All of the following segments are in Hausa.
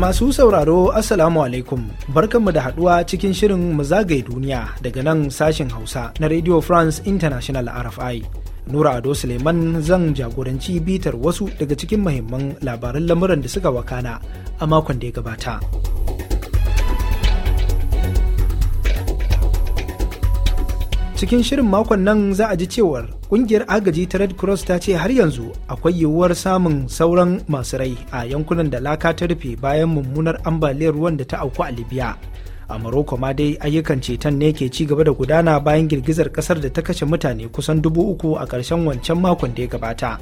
Masu sauraro Assalamu alaikum barkanmu da haduwa cikin shirin mu zagaye duniya daga nan sashen Hausa na Radio France International RFI. Nura Ado Suleiman zan jagoranci bitar wasu daga cikin mahimman labaran lamuran da suka wakana a makon da ya gabata. cikin shirin makon nan za a ji cewar kungiyar agaji ta red cross ta ce har yanzu akwai yiwuwar samun sauran masu rai a yankunan da laka ta rufe bayan mummunar ambaliyar ruwan da ta auku a libya a Morocco ma dai ayyukan ceton ne ke ci gaba da gudana bayan girgizar kasar da ta kashe mutane kusan dubu uku a ƙarshen wancan makon da ya gabata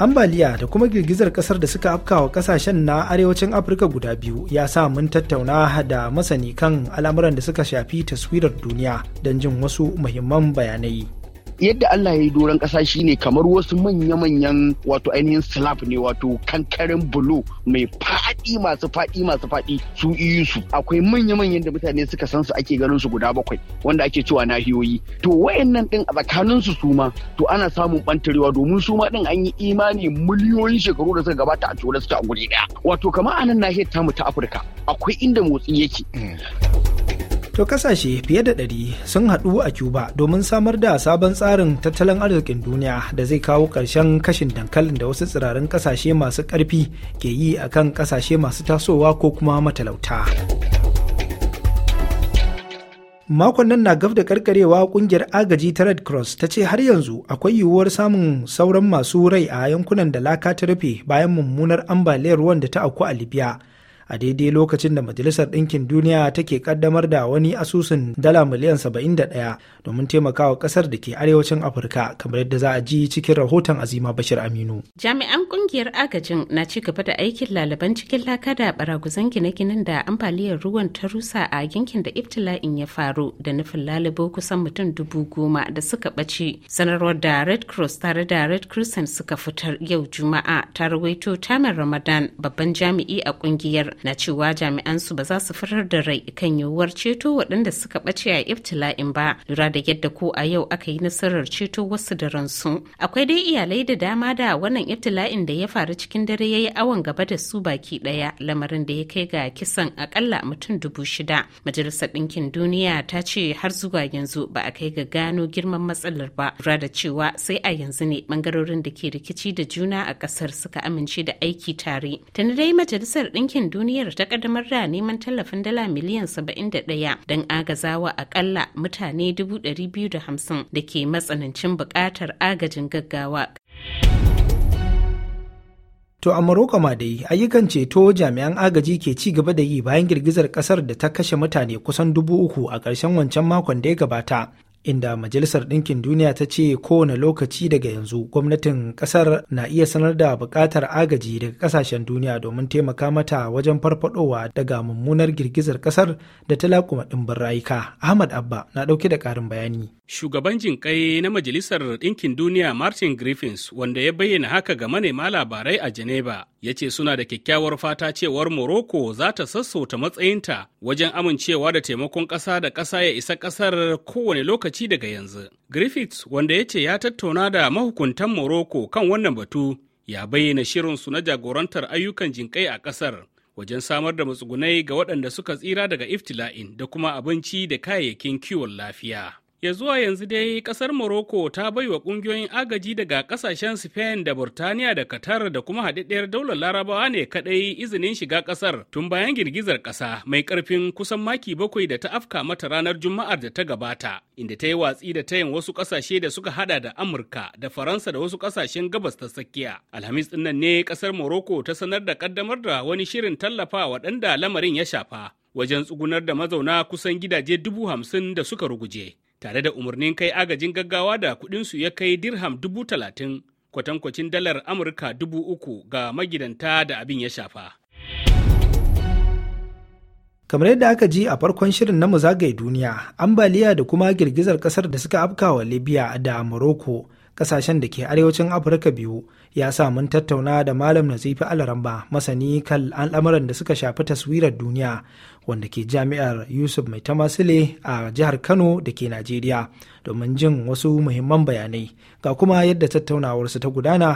ambaliya da kuma girgizar kasar da suka afkawa kasashen na arewacin afirka guda biyu ya sa mun tattauna da masani kan al'amuran da suka shafi taswirar duniya don jin wasu muhimman bayanai yadda Allah ya yi doron ƙasa shi ne kamar wasu manya-manyan wato ainihin slab ne wato kankarin bulo mai faɗi masu faɗi masu faɗi su iyu su akwai manya-manyan da mutane suka san su ake ganin su guda bakwai wanda ake cewa nahiyoyi to wayannan din a tsakanin su suma to ana samun bantarewa domin suma din an yi imani miliyoyin shekaru da suka gabata a tura su a guri daya wato kamar anan nahiyar tamu ta Afirka akwai inda motsi yake hmm. To kasashe fiye da ɗari sun haɗu a Cuba domin samar da sabon tsarin tattalin arzikin duniya da zai kawo ƙarshen kashin dankalin da wasu tsirarin kasashe masu ƙarfi ke yi a kan ƙasashe masu tasowa ko kuma matalauta. Makon nan na gaf da karkarewa kungiyar agaji ta Red Cross ta ce har yanzu akwai yiwuwar samun sauran masu rai a yankunan da laka ta rufe bayan mummunar ambaliyar ruwan da ta auku a Libya. a daidai lokacin da majalisar ɗinkin duniya take kaddamar da wani asusun dala miliyan 71 domin taimakawa ƙasar da ke arewacin afirka kamar yadda za a ji cikin rahoton azima bashir aminu jami'an ƙungiyar agajin na ci gaba da aikin lalaban cikin laka da baraguzan gine-ginen da ambaliyar ruwan ta rusa a yankin da ibtila'in ya faru da nufin lalibo kusan mutum dubu goma da suka ɓace sanarwar da red cross tare da red crescent suka fitar yau juma'a ta rawaito tamar ramadan babban jami'i a ƙungiyar na cewa jami'an su ba za su fitar da rai kan yiwuwar ceto waɗanda suka ɓace a ibtila'in ba lura da yadda ko a yau aka yi nasarar ceto wasu da ransu akwai dai iyalai da dama da wannan ibtila'in da ya faru cikin dare ya yi awon gaba da su baki ɗaya lamarin da ya kai ga kisan akalla mutum dubu shida majalisar ɗinkin duniya ta ce har zuwa yanzu ba a kai ga gano girman matsalar ba lura da cewa sai a yanzu ne ɓangarorin da ke rikici da juna a ƙasar suka amince da aiki tare tana dai majalisar ɗinkin duniya duniyar ta kaddamar da neman tallafin dala miliyan 71 don agazawa akalla mutane 250 da ke matsanancin bukatar agajin gaggawa. To a Morocco ma dai ayyukan ceto jami'an agaji ke ci gaba da yi bayan girgizar kasar da ta kashe mutane kusan dubu uku a karshen wancan makon da ya gabata inda Majalisar Ɗinkin Duniya ta ce kowane lokaci daga yanzu gwamnatin ƙasar na iya sanar da buƙatar agaji daga ƙasashen duniya domin taimaka mata wajen farfadowa daga mummunar girgizar ƙasar da ta laƙuma ɗimbin rayuka. Ahmad Abba na ɗauke da ƙarin bayani. Shugaban jinƙai na Majalisar Ɗinkin Duniya Martin Griffiths wanda ya bayyana haka ga manema labarai a Geneva ya ce suna da kyakkyawar fata cewar Morocco za ta sassauta matsayinta wajen amincewa da taimakon ƙasa da ƙasa ya isa ƙasar kowane lokaci daga yanzu. Griffiths wanda ya ce ya tattauna da mahukuntan Morocco kan wannan batu ya bayyana shirinsu na jagorantar ayyukan jinƙai a ƙasar. wajen samar da matsugunai ga waɗanda suka tsira daga iftila'in da kuma abinci da kayayyakin kiwon lafiya. ya zuwa yanzu dai kasar morocco ta bai wa kungiyoyin agaji daga kasashen spain da burtaniya da qatar da kuma haɗaɗɗiyar daular larabawa ne kaɗai izinin shiga kasar tun bayan girgizar ƙasa mai ƙarfin kusan maki bakwai da ta afka mata ranar juma'ar da ta gabata inda ta yi watsi da tayin wasu ƙasashe da suka hada da amurka da faransa da wasu ƙasashen gabas ta tsakiya alhamis dinnan ne kasar morocco ta sanar da ƙaddamar da wani shirin tallafa waɗanda lamarin ya shafa wajen tsugunar da mazauna kusan gidaje dubu hamsin da suka ruguje tare da umarnin kai agajin gaggawa da kudinsu ya kai dirham dubu talatin kwatankwacin dalar amurka dubu uku ga magidanta da abin ya shafa kamar yadda aka ji a farkon shirin na zagaye duniya ambaliya da kuma girgizar kasar da suka afkawa libya da morocco kasashen da ke arewacin afirka biyu ya sa mun tattauna da malam nazifi alaramba masani kan al'amuran da suka shafi taswirar duniya wanda ke jami'ar yusuf mai tamasile a jihar kano da ke najeriya domin jin wasu muhimman bayanai ga kuma yadda tattaunawarsu ta gudana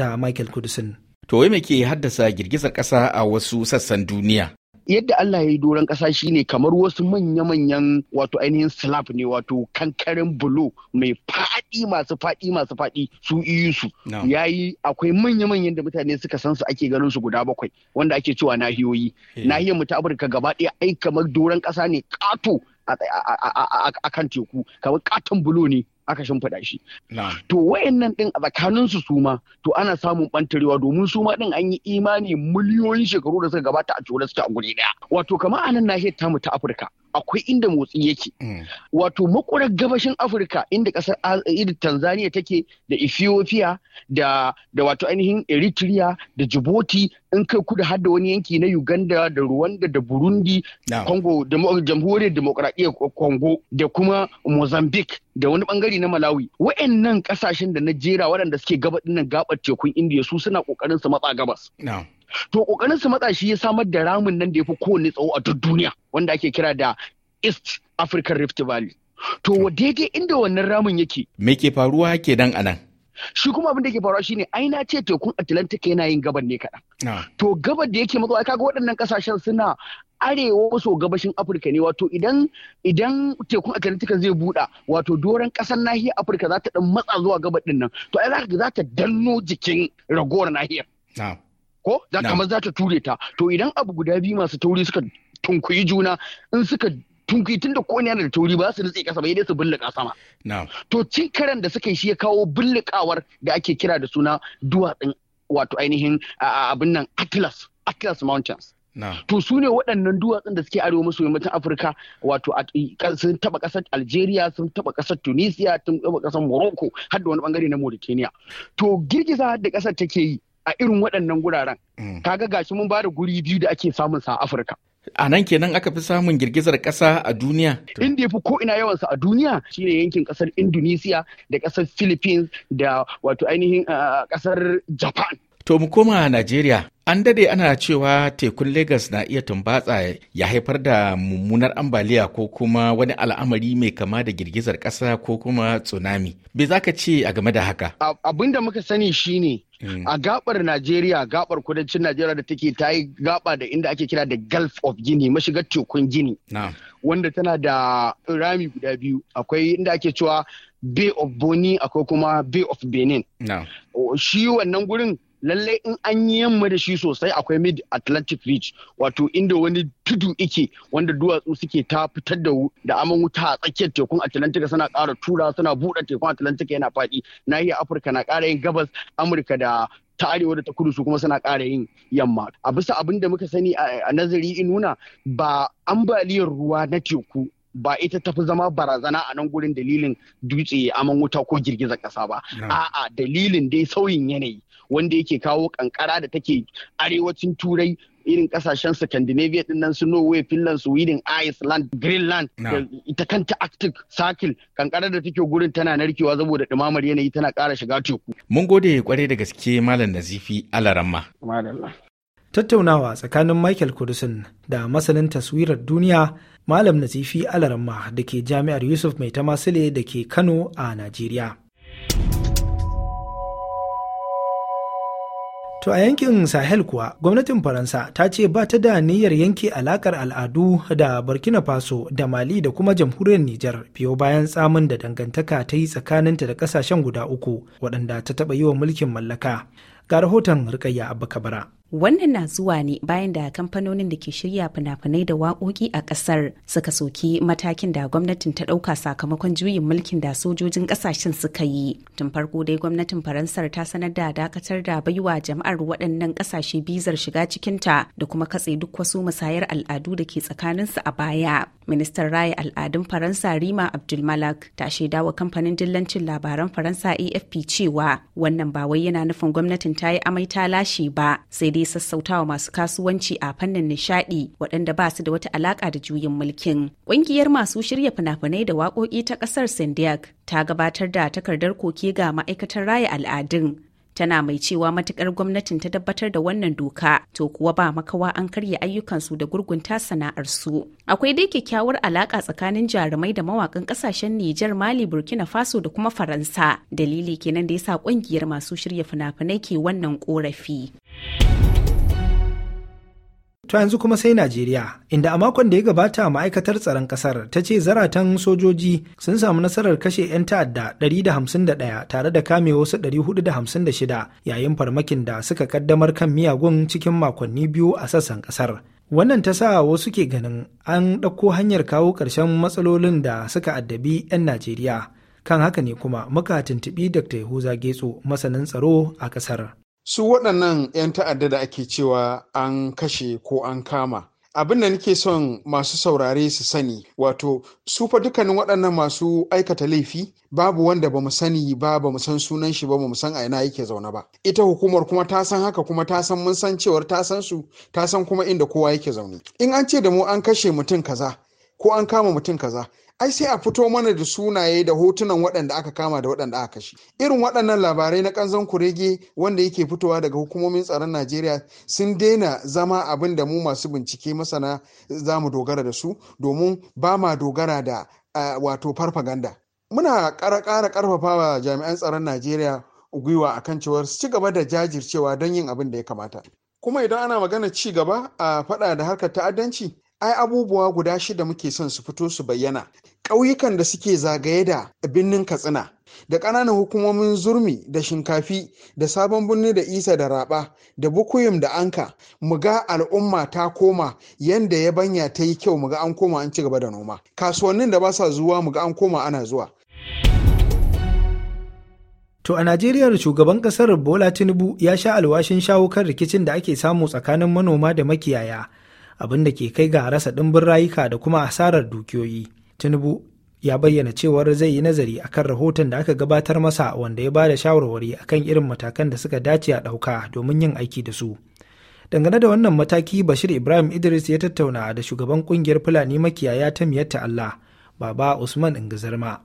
da michael kudusin to wai me ke haddasa girgizar ƙasa a wasu sassan duniya yadda Allah ya yi doron ƙasa shi ne kamar wasu manya-manyan wato ainihin slap ne wato kankarin bulo mai faɗi masu faɗi masu faɗi su iyu su ya yi akwai manya-manyan da mutane suka san su ake ganin su guda bakwai wanda ake cewa nahiyoyi eh. nahiyar mu ta Afirka gaba ɗaya ai kamar doron ƙasa ne ƙato a kan teku kamar katon bulo ne aka shimfiɗa shi. To wayannan ɗin a tsakanin su suma to ana samun ɓantarewa domin suma ɗin an yi imani miliyoyin shekaru da suka gabata a cure suke a guri ɗaya. Wato kamar a nan nahiyar tamu ta Afirka. akwai inda motsi yake mm. wato makurar gabashin afirka inda ƙasar irin tanzania take da ethiopia da wato ainihin eritrea da djibouti in kai kudu har da wani yanki na uganda da rwanda da burundi congo jamhuriyar demokradiyyar congo da kuma mozambique da wani bangare na malawi wa'annan ƙasashen da na waɗanda suke gabaɗin nan gabar tekun indiya su suna ƙoƙarin su matsa gabas to kokarin su matsa shi ya samar da ramin nan da ya fi kowane tsawo a duk duniya wanda ake kira da east african rift valley to daidai inda wannan ramin yake me ke faruwa ke dan anan shi kuma abin da ke faruwa shine ai ce tekun atlantic yana yin gabar ne kaɗan ah. to gabar da yake matsawa kaga waɗannan ƙasashen suna arewa maso gabashin afirka ne wato idan idan tekun atlantic zai buɗa wato doron ƙasar nahiyar afirka za ta ɗan matsa zuwa gabar ɗin nan to ai za ta danno jikin ragowar nahiyar ah. ko za kamar za ta ture ta to idan abu guda biyu masu tauri suka tunkuyi juna in suka tunkuyi tun da kowane yana da tauri ba su nutse kasa ba dai su bullaka sama to cin karen da suka yi shi ya kawo bullikawar da ake kira da suna duwatsun wato ainihin abin nan atlas atlas mountains To su ne waɗannan duwatsun da suke arewa maso yammacin Afirka wato sun taɓa ƙasar Algeria sun taɓa ƙasar Tunisia sun taɓa ƙasar Morocco har da wani ɓangare na Mauritania. To girgiza da ƙasar take yi a irin waɗannan guraren mm. kaga gashi mun bada guri biyu da ake samun sa a Afirka a nan kenan aka fi samun girgizar ƙasa a duniya inda ya fi ko ina yawansa a duniya shine yankin ƙasar indonesia da ƙasar philippines da wato ainihin ah, ƙasar japan To mu koma Najeriya. An dade ana cewa tekun Legas na iya tumbatsa ya haifar da mummunar ambaliya ko kuma wani al'amari mai kama da girgizar ƙasa ko kuma tsunami. Bai za ka ce a game da haka? Abin da muka sani shi ne. Mm. a gabar Najeriya gabar kudancin Najeriya da take ta yi gaba da inda ake kira da Gulf of Guinea mashigar tekun Guinea. Wanda tana da rami guda biyu akwai inda ake cewa Bay of Boni akwai kuma Bay of Benin. Shi wannan gurin lallai in an yi yamma da shi sosai akwai mid atlantic ridge wato inda wani tudu ike wanda duwatsu suke ta fitar da da aman wuta a tsakiyar tekun atlantic suna ƙara tura suna buɗe tekun atlantic yana faɗi nahiyar afirka na ƙara yin gabas amurka da ta arewa da ta kudu su kuma suna ƙara yin yamma a bisa abin da muka sani a nazari in nuna ba ambaliyar ruwa na teku ba ita tafi zama barazana a nan gurin dalilin dutse aman wuta ko girgiza ƙasa ba a'a dalilin dai sauyin yanayi wanda yake kawo kankara da take arewacin turai irin kasashen Scandinavia din nan su Norway, Finland, Sweden, Iceland, Greenland da ita kanta Arctic Circle kankarar da take gurin tana narkewa saboda dumamar yanayi tana ƙara shiga teku. Mun gode kwarai da gaske Malam Nazifi Alaramma. Tattaunawa tsakanin Michael Kudusin da masanin taswirar duniya Malam Nazifi Alaramma da ke Jami'ar Yusuf Mai Tamasile da ke Kano a Najeriya. To a yankin Sahel kuwa gwamnatin Faransa ta ce ba ta da niyyar yanke alakar al'adu da Burkina Faso da Mali da kuma jamhuriyar Nijar biyo bayan tsamin da dangantaka ta yi tsakaninta da kasashen guda uku waɗanda ta taɓa yi wa mulkin mallaka. Ga rahoton Rikayya Abba Kabara. Wannan na zuwa ne bayan da kamfanonin da ke shirya fina-finai da waƙoƙi a ƙasar suka soki matakin da gwamnatin ta ɗauka sakamakon juyin mulkin da sojojin ƙasashen suka yi. Tun farko dai gwamnatin Faransar ta sanar da dakatar da baiwa jama'ar waɗannan ƙasashe bizar shiga cikinta da kuma katse duk wasu musayar al'adu da ke tsakaninsu a baya. Ministan Raya Al'adun Faransa Rima Abdulmalak ta shaida wa kamfanin dillancin labaran Faransa AFP cewa wannan ba wai yana nufin gwamnatin ta yi amai ta lashe ba sai dai sassautawa masu kasuwanci a fannin nishadi waɗanda ba su da wata alaƙa da juyin mulkin. Ƙungiyar masu shirya fina-finai da waƙoƙi ta ƙasar Sindiak ta gabatar da takardar koke ga ma'aikatar raya al'adun tana mai cewa matukar gwamnatin ta tabbatar da wannan doka to kuwa ba makawa an karya ayyukansu da gurgunta sana'arsu akwai dai kyakkyawar alaka tsakanin jarumai da mawakan kasashen Nijar Mali Burkina Faso da kuma Faransa dalili kenan da yasa kungiyar masu shirya fina-finai ke wannan korafi. To yanzu kuma sai Najeriya, inda a makon da ya gabata ma'aikatar tsaron ƙasar ta ce zaratan sojoji sun samu nasarar kashe 'yan ta'adda 151 tare da kame wasu 456 yayin farmakin da suka kaddamar kan miyagun cikin makonni biyu a sassan ƙasar. Wannan ta sa wasu ke ganin an ɗauko hanyar kawo ƙarshen matsalolin da suka addabi 'yan Najeriya. Kan haka ne kuma muka tuntuɓi Dr. Yahuza Getso masanin tsaro a ƙasar. su waɗannan 'yan ta'adda da ake cewa an kashe ko an kama abin da nake son masu saurare su sani wato su fa dukkanin waɗannan masu aikata laifi babu wanda ba mu sani ba ba mu san sunan shi ba mu san a ina yake zaune ba ita hukumar kuma ta san haka kuma ta san mun san cewar ta san su ta san kuma inda kowa yake zaune in an ce da mu an kashe mutum kaza ko an kama mutum kaza ai sai a fito mana da sunaye da hotunan waɗanda aka kama da waɗanda aka kashe irin waɗannan labarai na ƙanzon kurege wanda yake fitowa daga hukumomin tsaron najeriya sun daina zama abin da mu masu bincike masana za mu dogara da su domin ba ma dogara da wato farfaganda muna ƙara ƙarfafa wa jami'an tsaron najeriya gwiwa kan cewar su ci gaba da jajircewa don yin abin da ya kamata kuma idan ana magana ci gaba a faɗa da harkar ta'addanci ai abubuwa guda shida muke son su fito su bayyana ƙauyukan da suke zagaye da birnin katsina da ƙananan hukumomin zurmi da shinkafi da sabon birni da isa da raba da bukuyum da anka mu ga al'umma ta koma yanda ya banya ta yi kyau mu ga an koma an ci gaba da noma kasuwannin da ba sa zuwa mu ga an koma ana zuwa To a Najeriya shugaban kasar Bola Tinubu ya sha alwashin shawo kan rikicin da ake samu tsakanin manoma da makiyaya abin da ke kai ga rasa ɗimbin rayuka da kuma asarar dukiyoyi tinubu ya bayyana cewar zai yi nazari akan rahoton da aka gabatar masa wanda ya bada shawarwari akan irin matakan da suka dace a ɗauka domin yin aiki da su dangane da wannan mataki bashir ibrahim idris ya tattauna da shugaban kungiyar fulani makiyaya ta miyatta allah baba usman ingizarma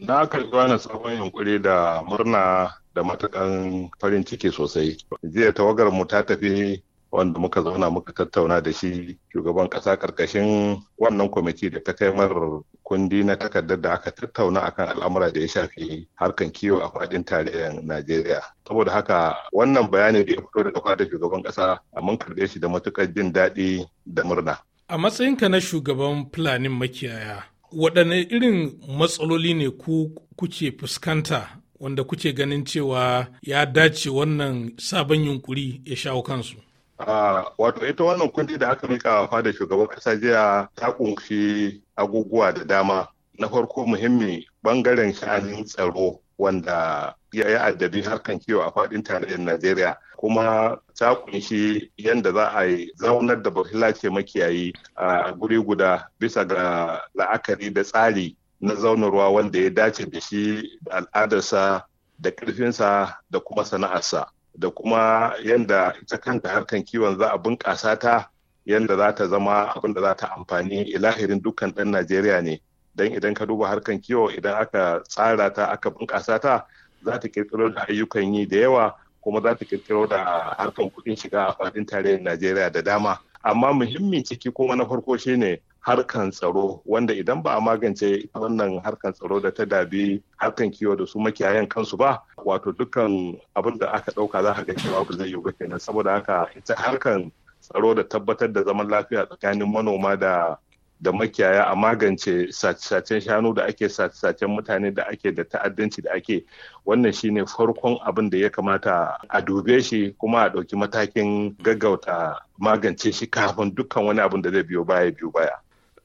na karɓi wani sabon yunkuri da murna da matakan farin ciki sosai jiya tawagar mu ta tafi wanda muka zauna muka tattauna da shi shugaban ƙasa karkashin wannan kwamiti da ta kai mar kundi na takardar da aka tattauna akan al'amura da ya shafi harkan kiwo a fadin tarihin Najeriya. Saboda haka wannan bayani da ya fito daga fadin shugaban ƙasa mun karbe shi da matukar jin daɗi da murna. A matsayinka na shugaban Fulanin makiyaya, waɗanne irin matsaloli ne ku kuke fuskanta wanda kuke ganin cewa ya dace wannan sabon yunkuri ya shawo kansu? Ah, wato ita wannan kundi da aka mika fada shugaban kasa jiya ta kunshi aguguwa da dama na farko muhimmi bangaren sha'anin tsaro wanda ya yi addabi harkan kiwo a fadin tarayyar najeriya kuma ta kunshi yadda za a yi zaunar da bafilace makiyayi a guri guda bisa ga la'akari da tsari na zaunarwa wanda ya dace da shi da al'adarsa da ƙarfinsa da kuma sana'arsa da kuma yadda ita kanta harkan kiwon za a bunƙasa ta yadda za ta zama abin da za ta amfani ilahirin dukkan ɗan Najeriya ne. Don idan ka duba harkan kiwo idan aka tsara ta aka bunƙasa ta za ta ƙirƙiro da ayyukan yi da yawa kuma za ta ƙirƙiro da harkan kuɗin shiga a faɗin tarayyar Najeriya da dama. Amma muhimmin ciki kuma na farko shine harkan tsaro wanda idan ba a magance wannan harkan tsaro da ta dabi harkan kiwo da su makiyayan kansu ba wato dukkan abin da aka dauka za ka ga cewa ba zai yi ba kenan saboda haka ita harkan tsaro da tabbatar da zaman lafiya tsakanin manoma da da makiyaya a magance sace-sacen shanu da ake sace-sacen mutane da ake da ta'addanci da ake wannan shine farkon abin da ya kamata a dube shi kuma a ɗauki matakin gaggauta magance shi kafin dukkan wani abin da zai biyo baya biyo baya.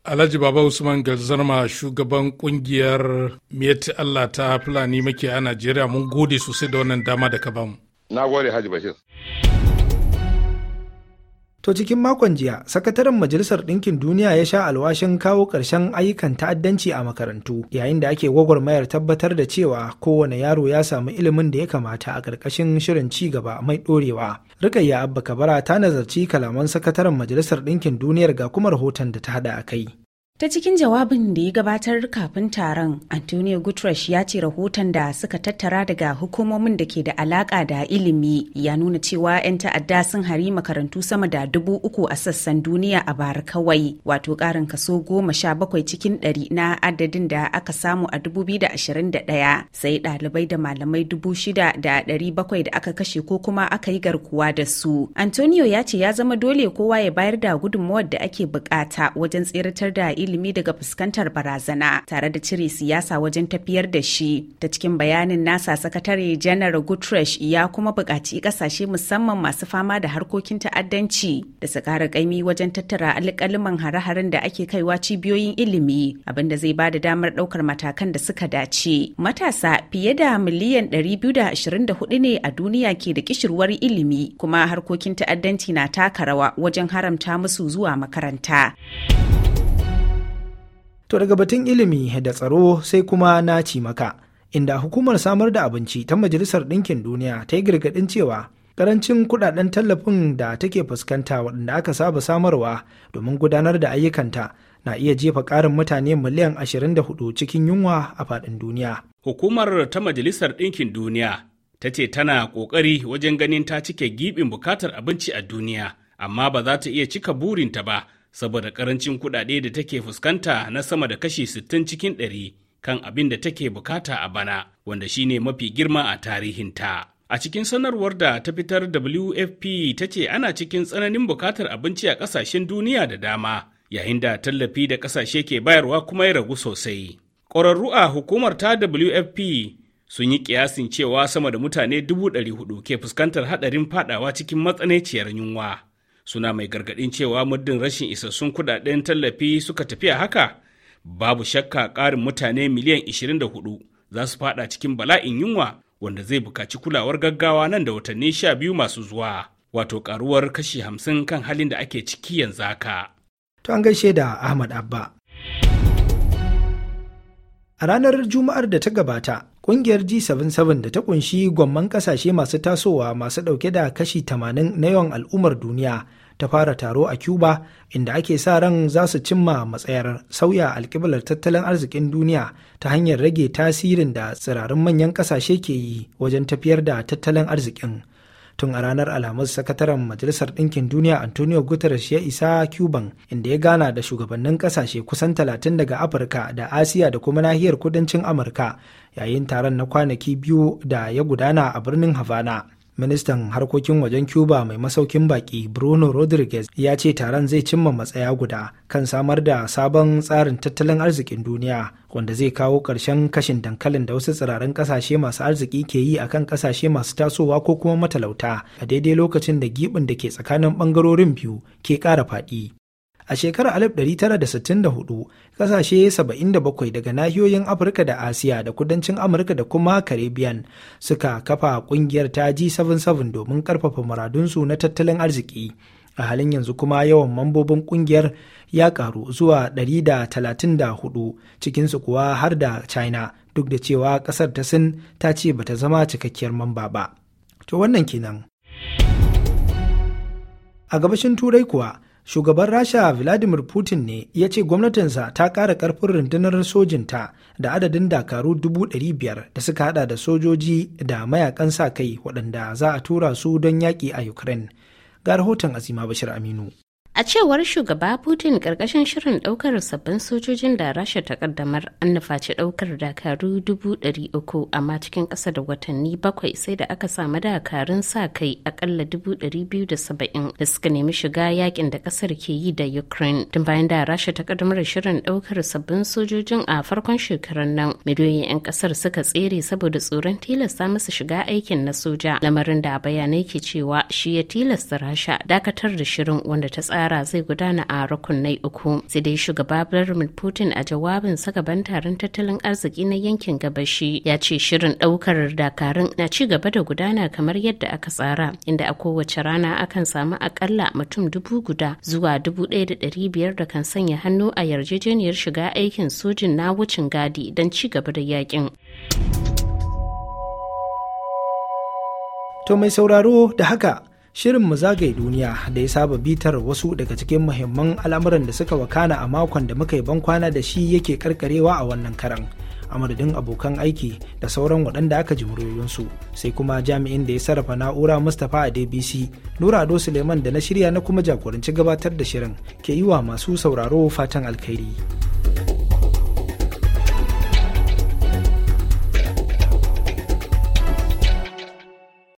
Alhaji Baba Usman Galzarma shugaban kungiyar miyati Allah ta Fulani maki a Najeriya mun gode sosai da wannan dama da ka bamu. Na gode Haji Bashir. To cikin makon jiya, sakataren Majalisar Ɗinkin Duniya ya sha alwashin kawo ƙarshen ayyukan ta'addanci a makarantu, yayin da ake gwagwarmayar tabbatar da cewa kowane yaro ya samu ilimin da ya kamata a ƙarƙashin shirin ci gaba mai ɗorewa. Rikayya Abba Kabara ta nazarci kalaman sakataren Majalisar Ɗinkin Duniyar ga kuma rahoton da ta haɗa a kai. Ta cikin jawabin da ya gabatar kafin taron, Antonio Guterres ya ce rahoton da suka tattara daga hukumomin da ke da alaka da ilimi ya nuna cewa 'yan ta'adda sun hari makarantu sama da dubu uku a sassan duniya a bar kawai, wato karin kaso goma sha bakwai cikin ɗari na adadin da aka samu a dubu biyu da ashirin da ɗaya, sai ɗalibai da malamai dubu shida da ɗari bakwai da aka kashe ko kuma aka yi garkuwa da su. Antonio ya ce ya zama dole kowa ya bayar da gudunmawar da ake bukata wajen tseratar da ilimi ilimi daga fuskantar barazana tare da cire siyasa wajen tafiyar da shi. Ta cikin bayanin nasa sakatare janar gutresh ya kuma buƙaci ƙasashe musamman masu fama da harkokin ta'addanci da su ƙara ƙaimi wajen tattara alƙaliman hare-haren da ake kaiwa cibiyoyin ilimi abinda zai ba da damar ɗaukar matakan da suka dace. Matasa fiye da miliyan 224 ne a duniya ke da kishirwar ilimi kuma harkokin ta'addanci na taka rawa wajen haramta musu zuwa makaranta. To daga batun ilimi da tsaro sai kuma na maka, inda hukumar samar da abinci ta Majalisar Ɗinkin Duniya ta yi gargaɗin cewa karancin kuɗaɗen tallafin da take fuskanta waɗanda aka saba samarwa domin gudanar da ayyukanta na iya jefa ƙarin mutane miliyan 24 cikin yunwa a faɗin duniya. Hukumar ta Majalisar Ɗinkin Duniya ta ce tana ƙoƙari wajen ganin ta cike giɓin buƙatar abinci a duniya, amma ba za ta iya cika burinta ba saboda karancin kuɗaɗe da take fuskanta na sama da kashi 60 cikin 100 kan abin da take bukata a bana wanda shine mafi girma a tarihinta. A cikin sanarwar da ta fitar WFP ta ce ana cikin tsananin bukatar abinci a ƙasashen duniya da dama yayin da tallafi da ƙasashe ke bayarwa kuma ya ragu sosai. Ƙwararru a hukumar ta WFP sun yi kiyasin cewa sama da mutane 400 ke fuskantar haɗarin faɗawa cikin matsananciyar yunwa. suna mai gargaɗin cewa muddin rashin isassun kuɗaɗen tallafi suka tafi a haka babu shakka ƙarin mutane miliyan 24 za su fada cikin bala'in yunwa wanda zai buƙaci kulawar gaggawa nan da watanni sha biyu masu zuwa wato ƙaruwar kashi hamsin kan halin da ake ciki yanzu haka. To an gaishe da Ahmad Abba. A ranar Juma'ar da ta gabata, Ƙungiyar G77 da ta kunshi gwamman ƙasashe masu tasowa masu ɗauke da kashi 80 na yawan al'ummar duniya ta fara taro a Cuba inda ake sa ran za su cimma matsayar sauya alkiblar tattalin arzikin duniya ta hanyar rage tasirin da tsirarin manyan ƙasashe ke yi wajen tafiyar da tattalin arzikin. tun a ranar alhamis sakataren majalisar ɗinkin duniya antonio guterres ya isa cuban inda ya gana da shugabannin ƙasashe kusan talatin daga afirka da asiya da kuma nahiyar kudancin amurka yayin taron na kwanaki biyu da ya gudana a birnin havana ministan harkokin wajen cuba mai masaukin baki bruno rodriguez ya ce taron zai cimma matsaya guda kan samar da sabon tsarin tattalin arzikin duniya wanda zai kawo ƙarshen kashin dankalin da wasu tsirarin ƙasashe masu arziki ke yi a kan ƙasashe masu tasowa ko kuma matalauta a daidai lokacin da gibin da ke tsakanin ɓangarorin biyu ke ƙara faɗi A shekarar 1964, kasashe 77 daga nahiyoyin Afirka da Asiya da kudancin Amurka da kuma Caribbean suka kafa kungiyar ta G77 domin karfafa muradunsu na tattalin arziki. A halin yanzu kuma yawan mambobin kungiyar ya karu zuwa 134 cikinsu kuwa har da China duk da cewa kasar ta Sin ta ce bata zama cikakkiyar mamba ba. To wannan kenan. A gabashin Turai kuwa shugaban rasha vladimir putin ne ya ce gwamnatinsa ta ƙara ƙarfin rundunar sojinta da adadin dakaru 500,000 da suka hada da sojoji da mayakan sa kai waɗanda za a tura su don yaƙi a ukraine ga rahoton azima bashir aminu A cewar shugaba Putin ƙarƙashin shirin ɗaukar sabbin sojojin da Rasha ta ƙaddamar an nufaci ɗaukar dakaru dubu uku amma cikin ƙasa da watanni bakwai sai da aka samu dakarun sa kai aƙalla dubu ɗari biyu da saba'in da suka nemi shiga yakin da ƙasar ke yi da Ukraine. Tun bayan da Rasha ta kaddamar shirin ɗaukar sabbin sojojin a farkon shekarun nan miliyoyin 'yan ƙasar suka tsere saboda tsoron tilasta musu shiga aikin na soja lamarin da bayanai ke cewa shi ya tilasta Rasha dakatar da shirin wanda ta tsara kara zai gudana a rukunai uku sai dai shugaba vladimir putin a jawabin gaban taron tattalin arziki na yankin gabashi ya ce shirin daukar dakarun na ci gaba da gudana kamar yadda aka tsara inda a kowace rana akan samu akalla mutum dubu guda zuwa dubu ɗaya da ɗari biyar da kan sanya hannu a yarjejeniyar shiga aikin sojin na wucin gadi don ci gaba da yakin. To mai sauraro da haka Shirin mu zagaye duniya da ya saba bitar wasu daga cikin muhimman al'amuran da suka wakana a makon da muka yi bankwana da shi yake karkarewa a wannan karan. a madadin abokan aiki da sauran waɗanda aka ji muryoyinsu sai kuma jami'in da ya sarrafa na'ura mustapha a dbc nura ado suleiman da na shirya na kuma jagoranci gabatar da shirin ke yi wa masu sauraro fatan alkhairi.